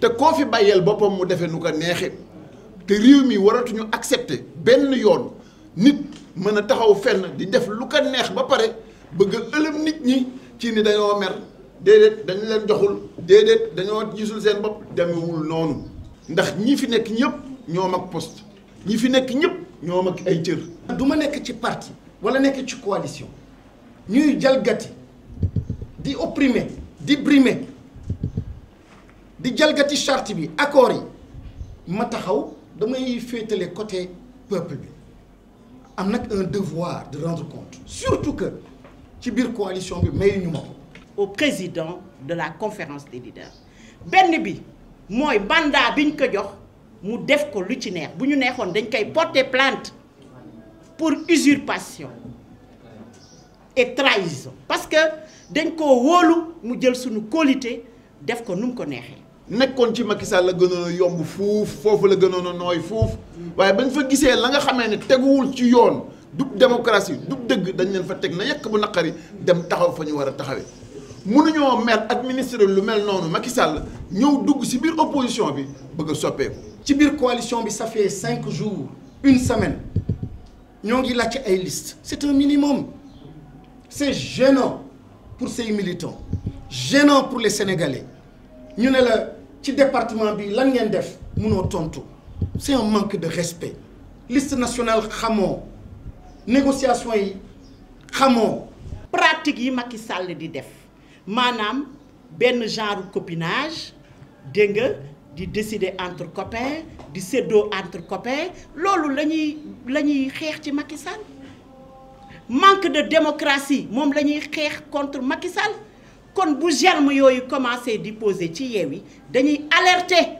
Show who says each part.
Speaker 1: te koo fi bàyyeel boppam mu defee nu ko neexee te réew mi waratuñu accepter benn yoon nit mën a taxaw fenn di def lu ko neex ba pare bëgg a nit ñi ci ni dañoo mer déedéet dañu leen joxul déedéet dañoo gisul seen bopp demewul noonu ndax ñi fi nekk ñëpp ñoo mag poste ñi fi nekk
Speaker 2: ñëpp ñoo mag ay cër. du ma nekk ci parti wala nekk ci coalition ñuy jalgati di opprimer di brimer. di jalgati charte bi accord yi ma taxaw damay féetale côté
Speaker 3: peuple bi am nak un devoir de rendre compte surtout que ci bir coalition bi may ñu ma au président de la conférence des leaders benn bi moy mandat biñ ko jox mu def ko lu ci neex bu ñu dañ kay porter plainte pour usurpation et trahison parce que dañ ko wolu mu jël suñu qualité def ko num ko
Speaker 1: nekkoon ci Macky Sall la gënoon a yomb fuuf foofu la gënoon a nooy fuuf waaye ba fa gisee la nga xamee ne teguwul ci yoon du démocratie du dëgg dañ leen fa teg na yekk bu naqari dem taxaw fa ñu war a taxawee. mënuñoo mer administrer lu mel noonu Macky Sall
Speaker 2: ñëw dugg ci biir opposition bi bëgg a soppeeku. ci biir coalition bi ça fait cinq jours une semaine ñoo ngi laajte ay liste c'est un minimum c'est gênant pour ces militants gênant pour les Sénégalais ñu ne la ci département bi lan ngeen def munoo c'est un manque de respect
Speaker 3: liste nationale xamoo négociation yi xamoo. pratique yi Macky Sall di def Manam Ben genre copinage dégg di décider entre copains di séddoo entre copains C'est ce qu'on la ci Macky Sall manque de démocratie c'est ce qu'on contre Macky Sall kon bu germe yooyu commencé di poser ci yewi, dañuy alerter